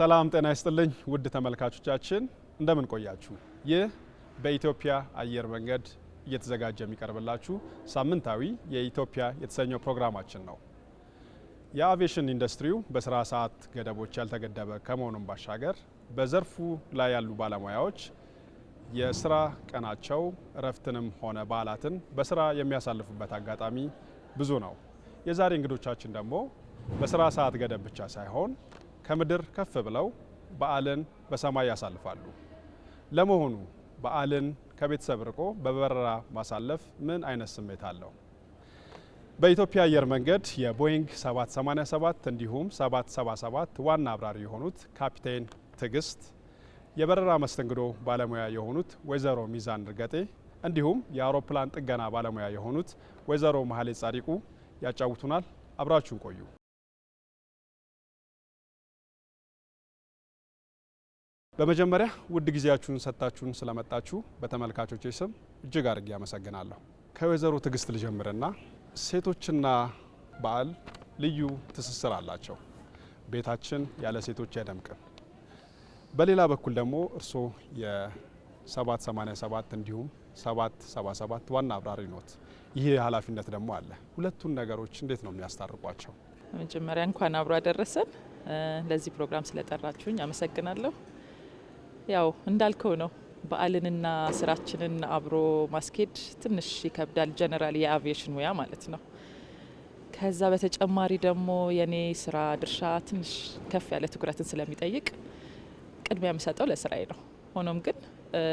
ሰላም ጤና ይስጥልኝ ውድ ተመልካቾቻችን እንደምን ቆያችሁ? ይህ በኢትዮጵያ አየር መንገድ እየተዘጋጀ የሚቀርብላችሁ ሳምንታዊ የኢትዮጵያ የተሰኘው ፕሮግራማችን ነው። የአቪዬሽን ኢንዱስትሪው በስራ ሰዓት ገደቦች ያልተገደበ ከመሆኑም ባሻገር በዘርፉ ላይ ያሉ ባለሙያዎች የስራ ቀናቸው እረፍትንም ሆነ በዓላትን በስራ የሚያሳልፉበት አጋጣሚ ብዙ ነው። የዛሬ እንግዶቻችን ደግሞ በስራ ሰዓት ገደብ ብቻ ሳይሆን ከምድር ከፍ ብለው በዓልን በሰማይ ያሳልፋሉ። ለመሆኑ በዓልን ከቤተሰብ ርቆ በበረራ ማሳለፍ ምን አይነት ስሜት አለው? በኢትዮጵያ አየር መንገድ የቦይንግ 787 እንዲሁም 777 ዋና አብራሪ የሆኑት ካፒቴን ትዕግስት፣ የበረራ መስተንግዶ ባለሙያ የሆኑት ወይዘሮ ሚዛን እርገጤ እንዲሁም የአውሮፕላን ጥገና ባለሙያ የሆኑት ወይዘሮ መሀሌ ጻዲቁ ያጫውቱናል። አብራችሁን ቆዩ። በመጀመሪያ ውድ ጊዜያችሁን ሰጥታችሁን ስለመጣችሁ በተመልካቾች ስም እጅግ አድርጌ አመሰግናለሁ። ከወይዘሮ ትዕግስት ልጀምርና ሴቶችና በዓል ልዩ ትስስር አላቸው። ቤታችን ያለ ሴቶች አይደምቅም። በሌላ በኩል ደግሞ እርስዎ የ787 እንዲሁም 777 ዋና አብራሪ ኖት። ይህ ኃላፊነት ደግሞ አለ። ሁለቱን ነገሮች እንዴት ነው የሚያስታርቋቸው? መጀመሪያ እንኳን አብሮ አደረሰን። ለዚህ ፕሮግራም ስለጠራችሁኝ አመሰግናለሁ። ያው እንዳልከው ነው። በዓልንና ስራችንን አብሮ ማስኬድ ትንሽ ይከብዳል። ጀነራል የአቪዬሽን ሙያ ማለት ነው። ከዛ በተጨማሪ ደግሞ የኔ ስራ ድርሻ ትንሽ ከፍ ያለ ትኩረትን ስለሚጠይቅ ቅድሚያ የምሰጠው ለስራዬ ነው። ሆኖም ግን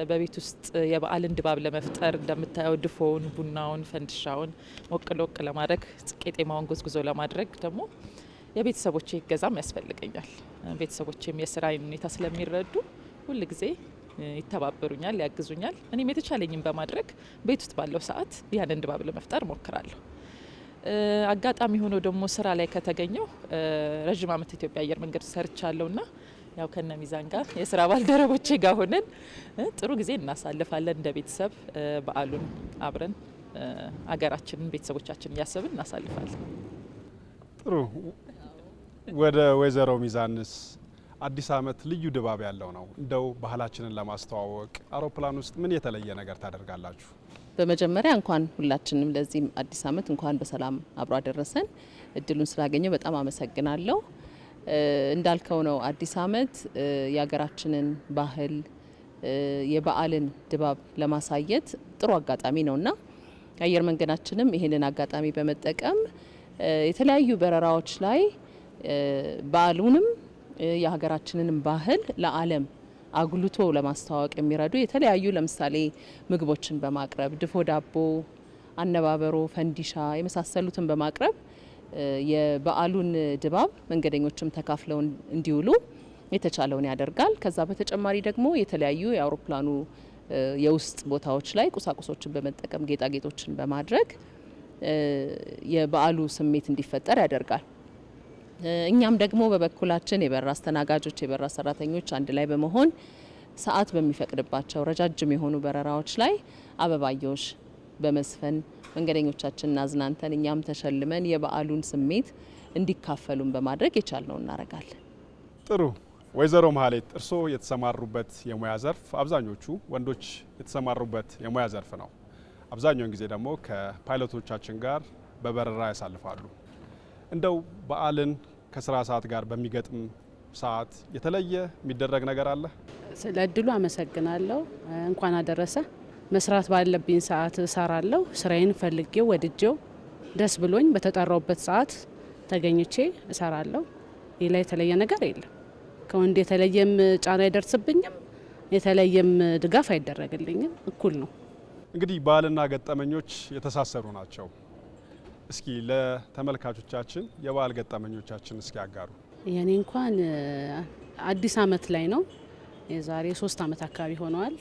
በቤት ውስጥ የበዓልን ድባብ ለመፍጠር እንደምታየው ድፎውን፣ ቡናውን፣ ፈንድሻውን ሞቅ ሞቅ ለማድረግ ቄጤማውን ጉዝጉዞ ለማድረግ ደግሞ የቤተሰቦቼ እገዛም ያስፈልገኛል። ቤተሰቦቼም የስራ ሁኔታ ስለሚረዱ ሁል ጊዜ ይተባበሩኛል፣ ያግዙኛል። እኔም የተቻለኝም በማድረግ ቤት ውስጥ ባለው ሰዓት ያንን ድባብ ለመፍጠር ሞክራለሁ። አጋጣሚ ሆኖ ደግሞ ስራ ላይ ከተገኘው ረዥም ዓመት ኢትዮጵያ አየር መንገድ ሰርቻለሁ ና ያው ከነ ሚዛን ጋር የስራ ባልደረቦቼ ጋር ሆነን ጥሩ ጊዜ እናሳልፋለን። እንደ ቤተሰብ በዓሉን አብረን አገራችንን፣ ቤተሰቦቻችን እያሰብን እናሳልፋለን። ጥሩ። ወደ ወይዘሮ ሚዛንስ አዲስ ዓመት ልዩ ድባብ ያለው ነው። እንደው ባህላችንን ለማስተዋወቅ አውሮፕላን ውስጥ ምን የተለየ ነገር ታደርጋላችሁ? በመጀመሪያ እንኳን ሁላችንም ለዚህ አዲስ ዓመት እንኳን በሰላም አብሮ አደረሰን። እድሉን ስላገኘው በጣም አመሰግናለሁ። እንዳልከው ነው አዲስ ዓመት የሀገራችንን ባህል የበዓልን ድባብ ለማሳየት ጥሩ አጋጣሚ ነው ና አየር መንገዳችንም ይህንን አጋጣሚ በመጠቀም የተለያዩ በረራዎች ላይ በዓሉንም የሀገራችንንም ባህል ለዓለም አጉልቶ ለማስተዋወቅ የሚረዱ የተለያዩ ለምሳሌ ምግቦችን በማቅረብ ድፎ ዳቦ፣ አነባበሮ፣ ፈንዲሻ የመሳሰሉትን በማቅረብ የበዓሉን ድባብ መንገደኞችም ተካፍለው እንዲውሉ የተቻለውን ያደርጋል። ከዛ በተጨማሪ ደግሞ የተለያዩ የአውሮፕላኑ የውስጥ ቦታዎች ላይ ቁሳቁሶችን በመጠቀም ጌጣጌጦችን በማድረግ የበዓሉ ስሜት እንዲፈጠር ያደርጋል። እኛም ደግሞ በበኩላችን የበረራ አስተናጋጆች፣ የበራ ሰራተኞች አንድ ላይ በመሆን ሰዓት በሚፈቅድባቸው ረጃጅም የሆኑ በረራዎች ላይ አበባዮች በመስፈን መንገደኞቻችንን አዝናንተን እኛም ተሸልመን የበዓሉን ስሜት እንዲካፈሉን በማድረግ የቻልነው እናደርጋለን። ጥሩ። ወይዘሮ መሀሌት እርስዎ የተሰማሩበት የሙያ ዘርፍ አብዛኞቹ ወንዶች የተሰማሩበት የሙያ ዘርፍ ነው። አብዛኛውን ጊዜ ደግሞ ከፓይለቶቻችን ጋር በበረራ ያሳልፋሉ። እንደው በዓልን ከስራ ሰዓት ጋር በሚገጥም ሰዓት የተለየ የሚደረግ ነገር አለ? ስለ እድሉ አመሰግናለሁ። እንኳን አደረሰ። መስራት ባለብኝ ሰዓት እሰራለሁ። ስራዬን ፈልጌው ወድጄው ደስ ብሎኝ በተጠራውበት ሰዓት ተገኝቼ እሰራለሁ። ሌላ የተለየ ነገር የለም። ከወንድ የተለየም ጫና አይደርስብኝም፣ የተለየም ድጋፍ አይደረግልኝም። እኩል ነው። እንግዲህ በዓልና ገጠመኞች የተሳሰሩ ናቸው። እስኪ ለተመልካቾቻችን የበዓል ገጠመኞቻችን እስኪ ያጋሩ። የኔ እንኳን አዲስ አመት ላይ ነው። የዛሬ ሶስት አመት አካባቢ ሆነዋል።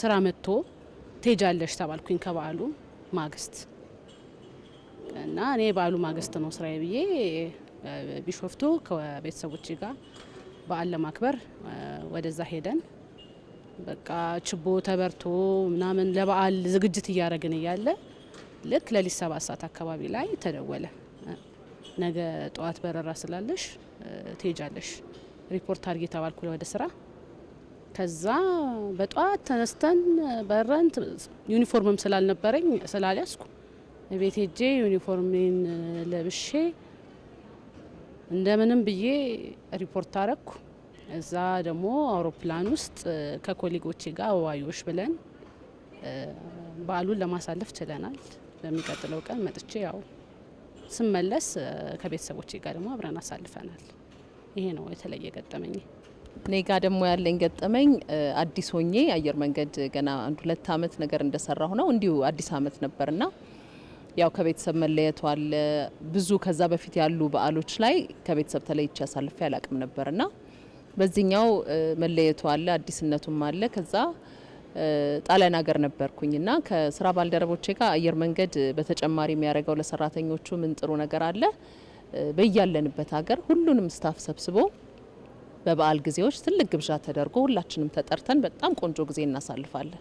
ስራ መጥቶ ትሄጃለሽ ተባልኩኝ ከበዓሉ ማግስት እና እኔ የበዓሉ ማግስት ነው ስራዬ ብዬ ቢሾፍቱ ከቤተሰቦች ጋር በዓል ለማክበር ወደዛ ሄደን በቃ ችቦ ተበርቶ ምናምን ለበዓል ዝግጅት እያደረግን እያለ ልክ ለሊት ሰባት ሰዓት አካባቢ ላይ ተደወለ። ነገ ጠዋት በረራ ስላለሽ ትሄጃለሽ ሪፖርት አድርጊ የተባልኩ ወደ ስራ። ከዛ በጠዋት ተነስተን በረን። ዩኒፎርምም ስላልነበረኝ ስላልያዝኩ ቤት ሄጄ ዩኒፎርሜን ለብሼ እንደምንም ብዬ ሪፖርት አረግኩ። እዛ ደግሞ አውሮፕላን ውስጥ ከኮሌጎቼ ጋር አበባዮሽ ብለን በዓሉን ለማሳለፍ ችለናል። በሚቀጥለው ቀን መጥቼ ያው ስመለስ ከቤተሰቦቼ ጋር ደግሞ አብረን አሳልፈናል። ይሄ ነው የተለየ ገጠመኝ። እኔ ጋ ደግሞ ያለኝ ገጠመኝ አዲስ ሆኜ አየር መንገድ ገና አንድ ሁለት አመት ነገር እንደሰራሁ ነው እንዲሁ አዲስ አመት ነበርና ያው ከቤተሰብ መለየቱ አለ ብዙ ከዛ በፊት ያሉ በዓሎች ላይ ከቤተሰብ ተለይቼ አሳልፌ አላቅም ነበርና በዚህኛው መለየቱ አለ፣ አዲስነቱም አለ። ከዛ ጣሊያን ሀገር ነበርኩኝ እና ከስራ ባልደረቦቼ ጋር አየር መንገድ በተጨማሪ የሚያደርገው ለሰራተኞቹ ምን ጥሩ ነገር አለ፣ በያለንበት ሀገር ሁሉንም ስታፍ ሰብስቦ በበዓል ጊዜዎች ትልቅ ግብዣ ተደርጎ ሁላችንም ተጠርተን በጣም ቆንጆ ጊዜ እናሳልፋለን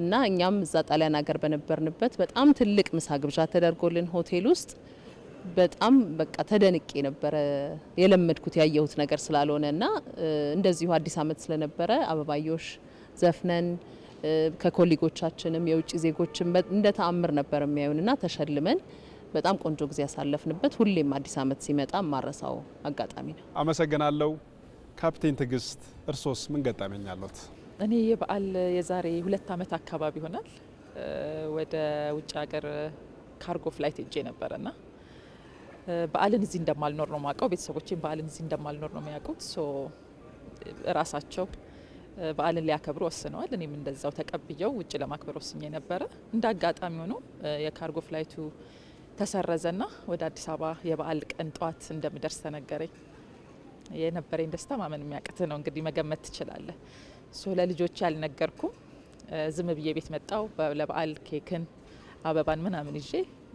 እና እኛም እዛ ጣሊያን ሀገር በነበርንበት በጣም ትልቅ ምሳ ግብዣ ተደርጎልን ሆቴል ውስጥ በጣም በቃ ተደንቄ ነበረ የለመድኩት ያየሁት ነገር ስላልሆነ እና እንደዚሁ አዲስ አመት ስለነበረ አበባዮሽ ዘፍነን ከኮሊጎቻችንም የውጭ ዜጎችን እንደ ተአምር ነበር የሚያዩንና ተሸልመን በጣም ቆንጆ ጊዜ ያሳለፍንበት ሁሌም አዲስ አመት ሲመጣ ማረሳው አጋጣሚ ነው። አመሰግናለሁ። ካፕቴን ትግስት እርሶስ ምን ገጠመኝ አለዎት? እኔ የበዓል የዛሬ ሁለት አመት አካባቢ ይሆናል ወደ ውጭ ሀገር ካርጎ ፍላይት ሄጄ ነበረና በዓልን እዚህ እንደማልኖር ነው የማውቀው። ቤተሰቦቼም በዓልን እዚህ እንደማልኖር ነው የሚያውቁት። ራሳቸው በዓልን ሊያከብሩ ወስነዋል። እኔም እንደዛው ተቀብየው ውጭ ለማክበር ወስኜ ነበረ። እንደ አጋጣሚ ሆኖ የካርጎ ፍላይቱ ተሰረዘና ወደ አዲስ አበባ የበዓል ቀን ጠዋት እንደምደርስ ተነገረኝ። የነበረኝ ደስታ ማመን የሚያቅት ነው። እንግዲህ መገመት ትችላለህ። ሶ ለልጆች አልነገርኩም። ዝም ብዬ ቤት መጣው። ለበዓል ኬክን፣ አበባን ምናምን ይዤ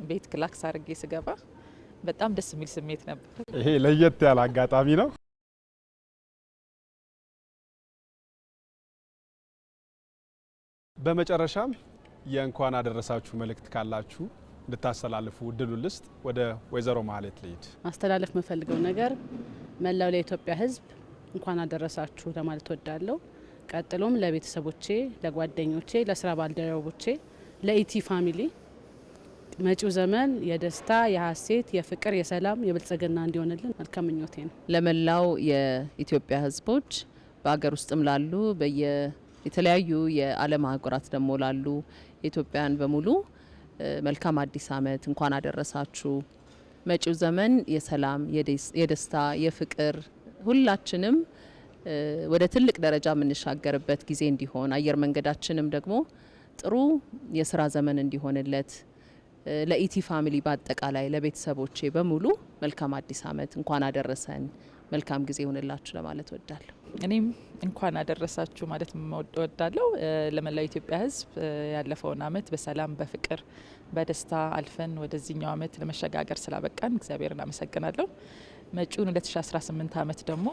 ቤት ክላክስ አድርጌ ስገባ በጣም ደስ የሚል ስሜት ነበር። ይሄ ለየት ያለ አጋጣሚ ነው። በመጨረሻም የእንኳን አደረሳችሁ መልእክት ካላችሁ እንድታስተላልፉ እድሉ ልስጥ። ወደ ወይዘሮ ማህሌት ልሂድ። ማስተላለፍ የምፈልገው ነገር መላው ለኢትዮጵያ ሕዝብ እንኳን አደረሳችሁ ለማለት ወዳለሁ። ቀጥሎም ለቤተሰቦቼ፣ ለጓደኞቼ፣ ለስራ ባልደረቦቼ፣ ለኢቲ ፋሚሊ መጪው ዘመን የደስታ፣ የሀሴት፣ የፍቅር፣ የሰላም፣ የብልጽግና እንዲሆንልን መልካም ምኞቴ ነው። ለመላው የኢትዮጵያ ህዝቦች በሀገር ውስጥም ላሉ በየ የተለያዩ የዓለም አህጉራት ደግሞ ላሉ ኢትዮጵያውያን በሙሉ መልካም አዲስ ዓመት እንኳን አደረሳችሁ። መጪው ዘመን የሰላም፣ የደስታ፣ የፍቅር ሁላችንም ወደ ትልቅ ደረጃ የምንሻገርበት ጊዜ እንዲሆን አየር መንገዳችንም ደግሞ ጥሩ የስራ ዘመን እንዲሆንለት ለኢቲ ፋሚሊ በአጠቃላይ ለቤተሰቦቼ በሙሉ መልካም አዲስ ዓመት እንኳን አደረሰን፣ መልካም ጊዜ ይሆንላችሁ ለማለት ወዳለሁ። እኔም እንኳን አደረሳችሁ ማለት ወዳለው ለመላው ኢትዮጵያ ሕዝብ ያለፈውን ዓመት በሰላም በፍቅር በደስታ አልፈን ወደዚህኛው ዓመት ለመሸጋገር ስላበቃን እግዚአብሔርን አመሰግናለሁ። መጪውን 2018 ዓመት ደግሞ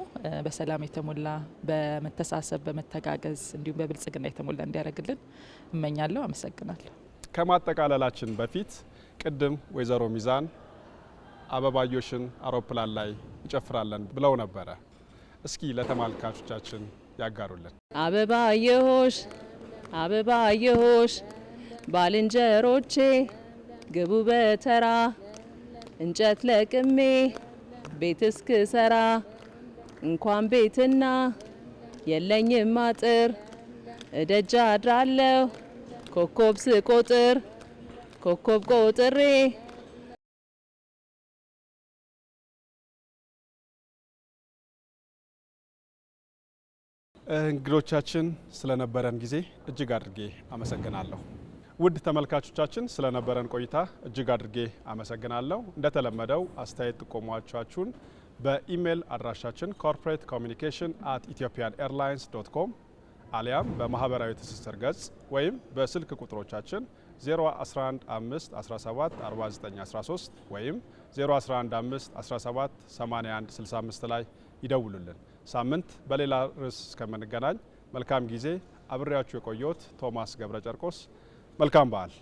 በሰላም የተሞላ በመተሳሰብ በመተጋገዝ እንዲሁም በብልጽግና የተሞላ እንዲያደርግልን እመኛለሁ። አመሰግናለሁ። ከማጠቃለላችን በፊት ቅድም ወይዘሮ ሚዛን አበባዮሽን አውሮፕላን ላይ እንጨፍራለን ብለው ነበረ። እስኪ ለተመልካቾቻችን ያጋሩልን። አበባየሆሽ የሆሽ ባልንጀሮቼ ግቡ በተራ እንጨት ለቅሜ ቤት እስክሰራ እንኳን ቤትና የለኝም አጥር እደጃ አድራለሁ ኮኮብ ስቆጥር ኮኮብ ቆጥሬ እንግዶቻችን ስለነበረን ጊዜ እጅግ አድርጌ አመሰግናለሁ። ውድ ተመልካቾቻችን ስለነበረን ቆይታ እጅግ አድርጌ አመሰግናለሁ። እንደተለመደው አስተያየት ጥቆሟቻችሁን በኢሜይል አድራሻችን ኮርፖሬት ኮሚኒኬሽን አት ኢትዮጵያን ኤርላይንስ ዶት ኮም አሊያም በማህበራዊ ትስስር ገጽ ወይም በስልክ ቁጥሮቻችን 0115174913 ወይም 0115178165 ላይ ይደውሉልን። ሳምንት በሌላ ርዕስ እስከምንገናኝ መልካም ጊዜ። አብሬያችሁ የቆየሁት ቶማስ ገብረ ጨርቆስ። መልካም በዓል።